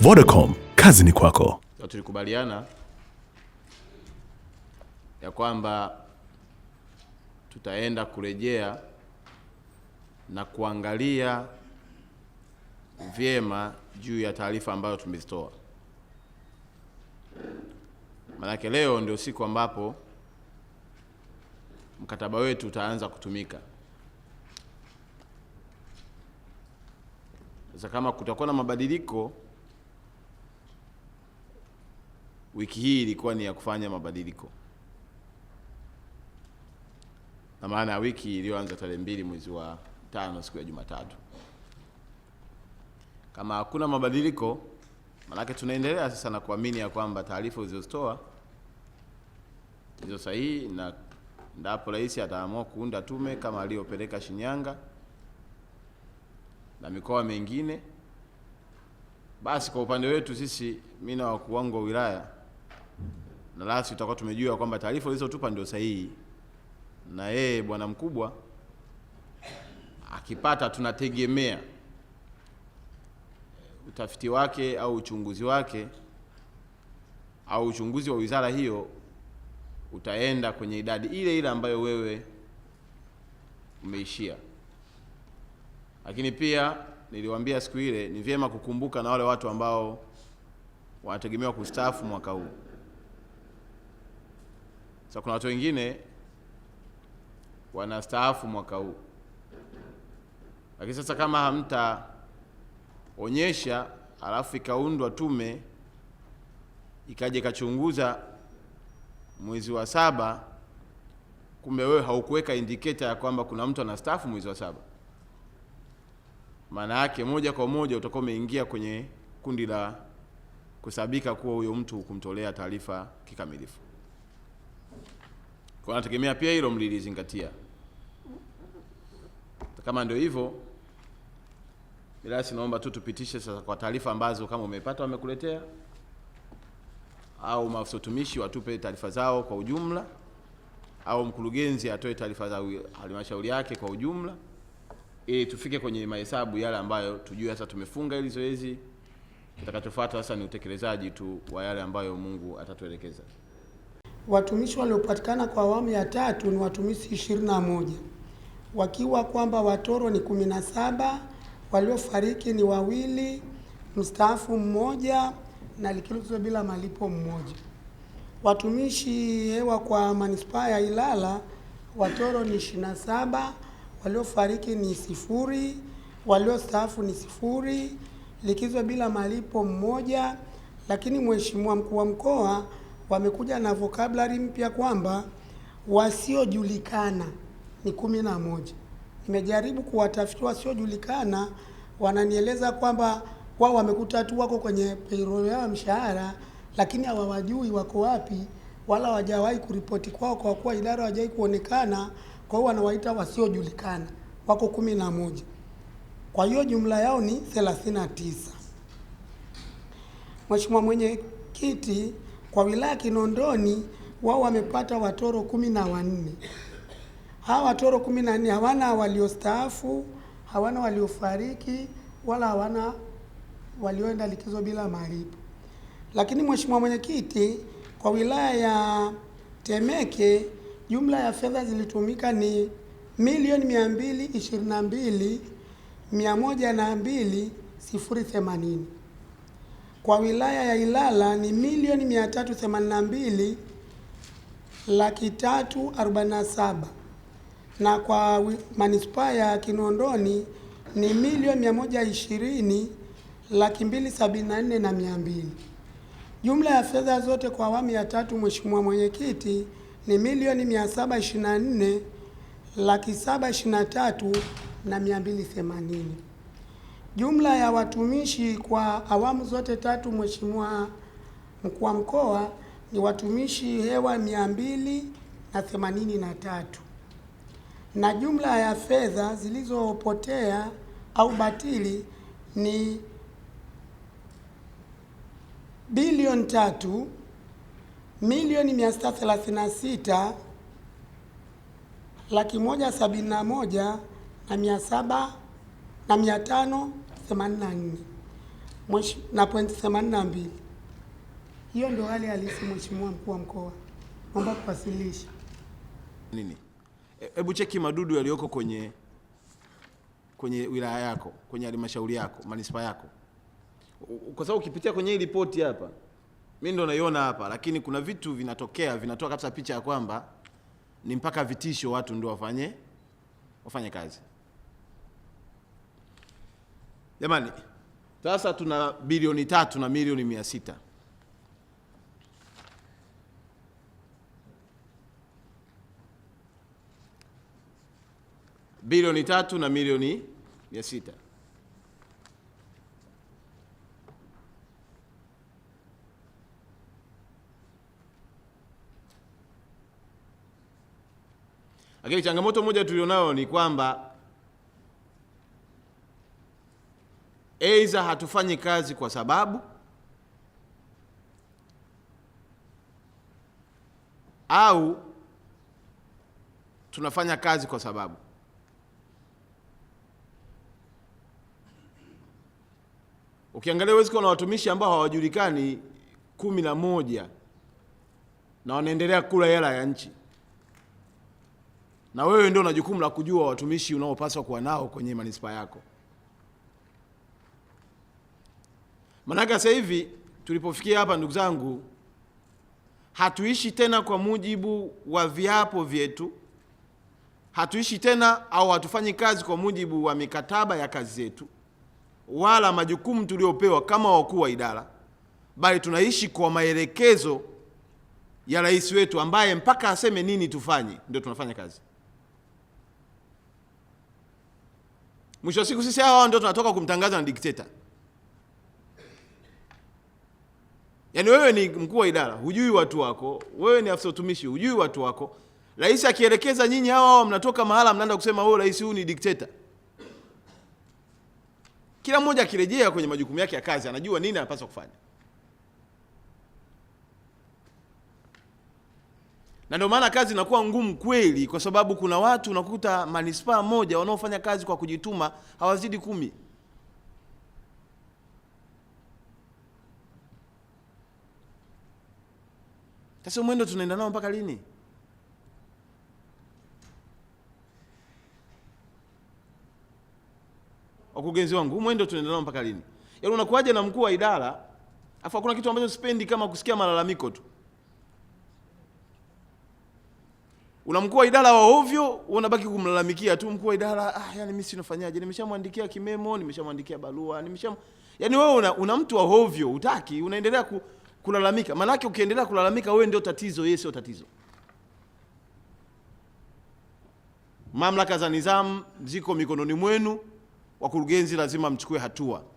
Vodacom, kazi ni kwako. Tulikubaliana ya kwamba tutaenda kurejea na kuangalia vyema juu ya taarifa ambayo tumezitoa. Maanake leo ndio siku ambapo mkataba wetu utaanza kutumika. Sasa kama kutakuwa na mabadiliko wiki hii ilikuwa ni ya kufanya mabadiliko, na maana ya wiki iliyoanza tarehe mbili mwezi wa tano siku ya Jumatatu. Kama hakuna mabadiliko, manake tunaendelea sasa na kuamini ya kwamba taarifa ulizozitoa ndizo sahihi, na ndapo rais ataamua kuunda tume kama aliyopeleka Shinyanga na mikoa mingine, basi kwa upande wetu sisi, mimi na wakuu wangu wa wilaya na lasi tutakuwa tumejua kwamba taarifa ulizotupa ndio sahihi, na yeye bwana mkubwa akipata, tunategemea utafiti wake au uchunguzi wake au uchunguzi wa wizara hiyo utaenda kwenye idadi ile ile ambayo wewe umeishia. Lakini pia niliwaambia siku ile, ni vyema kukumbuka na wale watu ambao wanategemewa kustaafu mwaka huu. Sasa kuna watu wengine wanastaafu mwaka huu, lakini sasa kama hamtaonyesha, alafu ikaundwa tume ikaja ikachunguza mwezi wa saba, kumbe wewe haukuweka indicator ya kwamba kuna mtu anastaafu mwezi wa saba, maana yake moja kwa moja utakuwa umeingia kwenye kundi la kusabika kuwa huyo mtu kumtolea taarifa kikamilifu. Kwa nategemea pia hilo mlilizingatia. Kama ndio hivyo, bilasi, naomba tu tupitishe sasa kwa taarifa ambazo kama umepata wamekuletea au maafisa utumishi watupe taarifa zao kwa ujumla, au mkurugenzi atoe taarifa za halmashauri yake kwa ujumla, ili tufike kwenye mahesabu yale ambayo tujue sasa tumefunga hili zoezi. Kitakachofuata sasa ni utekelezaji tu wa yale ambayo Mungu atatuelekeza watumishi waliopatikana kwa awamu ya tatu ni watumishi ishirini na moja wakiwa kwamba watoro ni kumi na saba waliofariki ni wawili, mstaafu mmoja na likizo bila malipo mmoja. Watumishi hewa kwa manispaa ya Ilala watoro ni ishirini na saba waliofariki ni sifuri, waliostaafu ni sifuri, likizo bila malipo mmoja. Lakini Mheshimiwa mkuu wa mkoa wamekuja na vocabulary mpya kwamba wasiojulikana ni kumi na moja. Nimejaribu kuwatafiti wasiojulikana, wananieleza kwamba wao wamekuta tu wako kwenye payroll yao mshahara, lakini hawawajui wako wapi, wala wajawahi kuripoti kwao, kwa kuwa idara hawajawahi kuonekana. Kwa hiyo wanawaita wasiojulikana, wako kumi na moja. Kwa hiyo jumla yao ni 39. Mheshimiwa Mwenyekiti, kwa wilaya Kinondoni wao wamepata watoro kumi na wanne. Hawa watoro kumi na nne hawana waliostaafu, hawana waliofariki, wala hawana walioenda likizo bila malipo. Lakini Mheshimiwa Mwenyekiti, kwa wilaya ya Temeke jumla ya fedha zilitumika ni milioni mia mbili ishirini na mbili mia moja na mbili sifuri themanini kwa wilaya ya Ilala ni milioni 382 laki 347 na saba na kwa manispaa ya Kinondoni ni milioni 120 laki mbili na nne na Jumla ya fedha zote kwa awamu ya tatu, Mheshimiwa Mwenyekiti, ni milioni 724 laki saba ishirini na tatu na themanini. Jumla ya watumishi kwa awamu zote tatu, Mheshimiwa Mkuu wa Mkoa, ni watumishi hewa mia mbili na themanini na tatu na jumla ya fedha zilizopotea au batili ni bilioni tatu milioni mia sita thelathini na sita laki moja sabini na moja na mia saba na mia tano themanini na nne na pointi themanini na mbili. Hiyo ndo hali halisi, Mheshimiwa Mkuu wa Mkoa, naomba kuwasilisha. Nini? E, hebu cheki madudu yaliyoko kwenye kwenye wilaya yako, kwenye halmashauri yako, manispaa yako, kwa sababu ukipitia kwenye hii ripoti hapa, mimi ndo naiona hapa, lakini kuna vitu vinatokea vinatoa kabisa picha ya kwamba ni mpaka vitisho, watu ndio wafanye wafanye kazi. Jamani, sasa tuna bilioni tatu na milioni mia sita. Bilioni tatu na milioni mia sita. Lakini changamoto moja tulionayo ni kwamba eiza hatufanyi kazi kwa sababu au tunafanya kazi kwa sababu. Ukiangalia huwezi kuwa na watumishi ambao hawajulikani kumi na moja na wanaendelea kula hela ya nchi, na wewe ndio una jukumu la kujua watumishi unaopaswa kuwa nao kwenye manispaa yako. Maanake sasa hivi tulipofikia hapa, ndugu zangu, hatuishi tena kwa mujibu wa viapo vyetu, hatuishi tena au hatufanyi kazi kwa mujibu wa mikataba ya kazi zetu wala majukumu tuliopewa kama wakuu wa idara, bali tunaishi kwa maelekezo ya rais wetu ambaye mpaka aseme nini tufanye ndio tunafanya kazi. Mwisho wa siku sisi hawa ndio tunatoka kumtangaza na dikteta. Yaani wewe ni mkuu wa idara, hujui watu wako, wewe ni afisa utumishi, hujui watu wako. Rais akielekeza nyinyi hawa hawa mnatoka mahala mnaenda kusema wewe oh, rais huyu ni dikteta. Kila mmoja akirejea kwenye majukumu yake ya kazi anajua nini anapaswa kufanya. Na ndio maana kazi inakuwa ngumu kweli, kwa sababu kuna watu unakuta manispaa moja wanaofanya kazi kwa kujituma hawazidi kumi. Sasa mwendo tunaenda nao mpaka lini? Wakurugenzi wangu, mwendo tunaenda nao mpaka lini? Yaani unakuwaje na mkuu wa idara afu hakuna kitu ambacho spendi kama kusikia malalamiko tu. Una mkuu wa idara wa ovyo, unabaki kumlalamikia tu mkuu wa idara, ah, yani mimi si nafanyaje? Nimeshamwandikia kimemo, nimeshamwandikia barua, nimesham Yaani wewe una, una mtu wa ovyo, utaki, unaendelea ku kulalamika. Maanake ukiendelea kulalamika, wewe ndio tatizo, yeye sio tatizo. Mamlaka za nizamu ziko mikononi mwenu, wakurugenzi lazima mchukue hatua.